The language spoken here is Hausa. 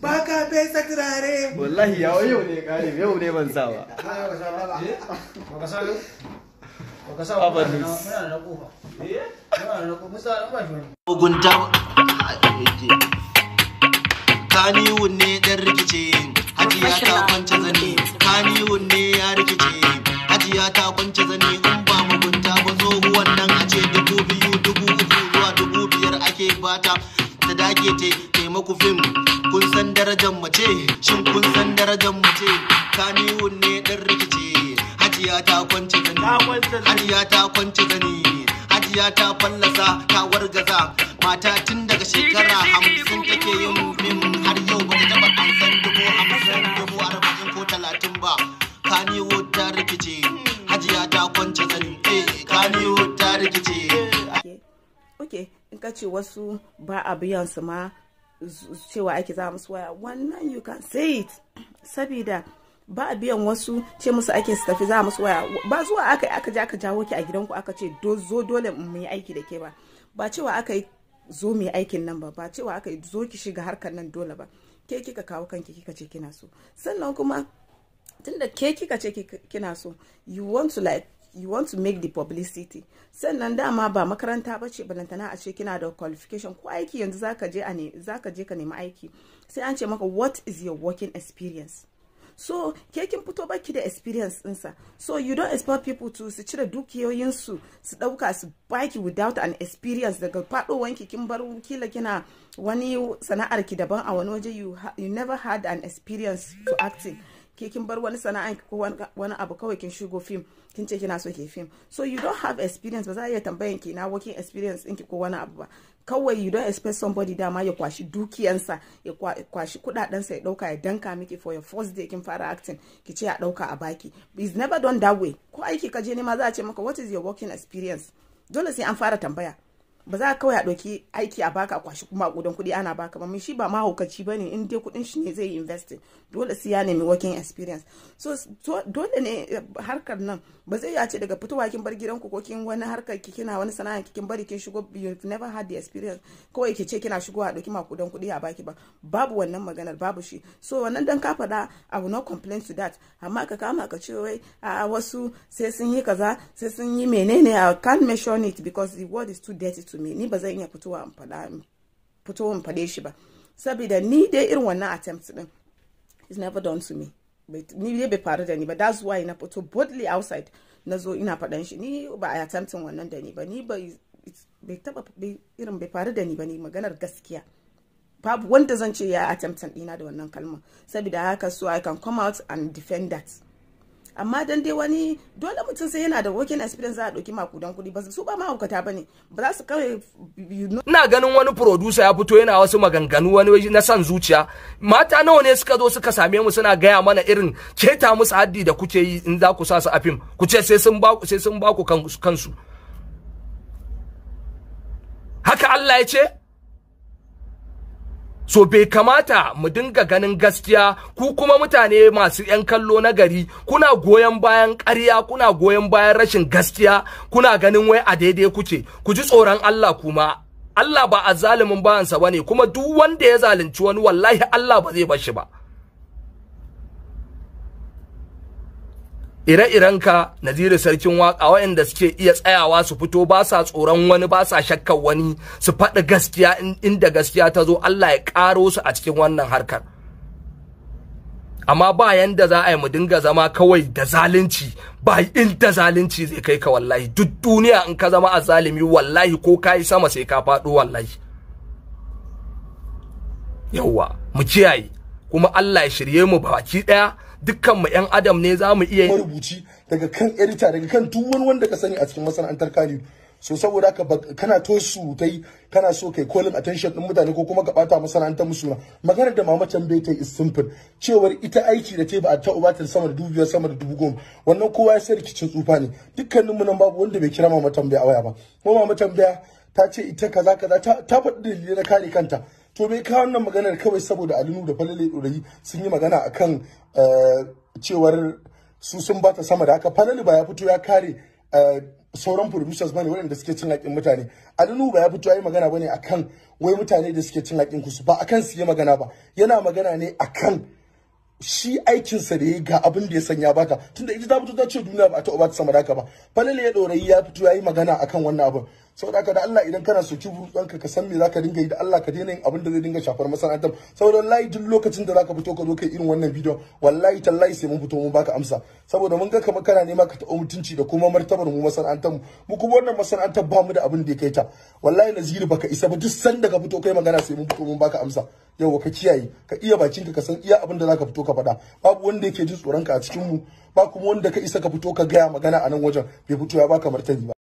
ba ka fesa turare wallahi yawo yau ne kare yau ne ban sa ba ka sa mugunta kaniwun ne dan rikice hajiya ta kwance zane kaniwun ne ya rikice hajiya ta kwance zane in ba mugunta ba tsohuwan wannan a ce dubu biyu dubu uku zuwa dubu biyar ake bata ta dake te taimako fim ce shin kun san darajar mu ce kanihun ne dan rikice hajiya ta kwance gani hajiya ta kwance gani hajiya ta fallasa ta wargaza mata tun daga shekara hamsin take yin min har yau ba ta taba amsan dubu hamsin dubu arba'in ko talatin ba kanihun ta rikice hajiya ta kwance gani eh, kanihun ta rikice Okay, in ka ce wasu ba a biyan su ma cewa ake za musu waya wannan you can say it sabida ba biyan wasu ce musu ake su tafi za musu waya ba zuwa aka aka je aka jawo ki a gidanku aka ce zo dole mu yi aiki da ke ba ba cewa aka yi zo mu yi aikin nan ba ba cewa aka yi zo ki shiga harkar nan dole ba ke kika kawo kanki kika ce kina so sannan kuma tunda ke kika ce kina so you want to like you want to make the publicity sannan dama ba makaranta ba ce balantana a ce kina da qualification ko aiki yanzu zaka je a ne zaka je ka nemi aiki sai an ce maka what is your working experience so ke kin fito baki da experience ɗinsa so you don't expect people to su cire dukiyoyinsu su ɗauka su baki without an experience daga faɗowanki kin bar kila kina wani sana'arki daban a wani waje you, you never had an experience to acting ke kin bar wani sana'a ko wani abu kawai kin shigo fim kin ce kina so ke film so you don't have experience ba za a iya tambayan ki na working experience ɗinki ko wani abu ba kawai you don't expect somebody dama ya kwashi dukiyansa ya kwashi kuɗaɗensa ya ɗauka ya danka miki for your first day kin fara acting ki ce a ɗauka a baki is never done that way ko aiki ka je ne ma za a ce maka what is your working experience dole sai an fara tambaya ba za kawai a ɗauki aiki a baka a kwashi kuma kuɗi ana baka ba shi ba mahaukaci ba ne in dai kuɗin shi ne zai yi investing dole sai ya nemi working experience so dole ne eh, harkar nan ba zai yace daga fitowa kin bar gidanku ko kin wani harkar ki kina wani sana'a kin bari kin shigo you never had the experience kawai ki ce kina shigo a ɗauki makudan kuɗi a baki ba babu wannan maganar babu shi so wannan dan ka faɗa I will not complain to that amma ka kama ka ce wai a wasu sai sun yi kaza sai sun yi menene I can't mention it because the world is too dirty su me ni ba zan iya fitowa in faɗa fitowa in fade shi ba saboda ni dai irin wannan attempt din is never done to me ni dai bai faru da ni ba that's why na fito boldly outside na zo ina fadan shi ni ba a attempting wannan da ni ba ni ba bai taba irin bai faru da ni ba ni maganar gaskiya babu wanda zan ce ya attempting dina da wannan kalmar saboda haka so i can come out and defend that amma dan dai wani dole mutum sai yana da working experience za a ɗauki makudan kuɗi ba su ba mahaukata ba ne ba za su kawai ina ganin wani producer ya fito yana wasu maganganu wani na san zuciya mata nawa ne suka zo suka same mu suna gaya mana irin keta musu haddi da kuke yi in za ku sa su a fim ku ce sai sun baku sai sun ba kansu haka Allah ya ce so bai kamata mu dinga ganin gaskiya ku kuma mutane masu 'yan kallo na gari kuna goyon bayan ƙarya kuna goyon bayan rashin gaskiya kuna ganin wai a daidai kuke ku ji tsoron Allah kuma Allah ba a zalimin bayansa ne kuma duk wanda ya zalunci wani wallahi Allah ba zai bashi ba ire-irenka naziru sarkin waka waɗanda suke iya tsayawa su fito ba sa tsoron wani ba sa shakkar wani su faɗi gaskiya inda gaskiya ta zo Allah ya ƙaro su a cikin wannan harkar amma ba yanda za a yi mu dinga zama kawai da zalunci ba inda zalunci zai kai ka wallahi duk duniya in ka zama a zalimi wallahi ko ka yi sama sai ka faɗo wallahi yawwa mu kiyaye kuma Allah ya shirye mu baki daya dukkan mu yan adam ne za mu iya rubuci daga kan editor daga kan duk wani wanda ka sani a cikin masana'antar kani so saboda ka kana to su tai kana so kai calling attention din mutane ko kuma ka bata masana'antar musu na maganar da mama can bai tai is simple cewar ita aiki da ta ba a ta ubatin sama da dubu sama da dubu goma wannan kowa ya sai rikicin tsufa ne dukkanin mu nan babu wanda bai kira mama tambaya a waya ba kuma mama tambaya ta ce ita kaza kaza ta faɗi dalilai na kare kanta to bai kawo wannan maganar kawai saboda alinu da falale dorayi sun yi magana akan eh, cewar su sun bata sama da haka falale ba ya fito ya kare eh, sauran producers bane waɗanda suke cin haƙin mutane alinu ba ya fito ya yi magana bane akan wai mutane da suke cin haƙin kusu ba akan su yi magana ba yana magana ne akan shi aikinsa da ya ga abin da ya sanya baka tunda ita ta fito ta ce duniya ba ta ba ta sama da haka ba falale ya dorayi ya fito ya yi magana akan wannan abin saboda haka da Allah idan kana so ki ɗanka ka san me zaka dinga yi da Allah ka daina yin abin da zai dinga shafar masana'antar saboda wallahi duk lokacin da zaka fito ka zo kai irin wannan bidiyon wallahi tallahi sai mun fito mun baka amsa saboda mun ga kamar kana nema ka taɓa mutunci da kuma martabar mu masana'antar mu mu kuma wannan masana'antar ba mu da abin da ya kai ta wallahi naziri baka isa ba duk san daga ka fito kai magana sai mun fito mun baka amsa yau ka kiyaye ka iya bakinka ka san iya abin da zaka fito ka faɗa babu wanda yake jin tsoronka a cikin mu ba kuma wanda ka isa ka fito ka gaya magana a nan wajen bai fito ya baka martani ba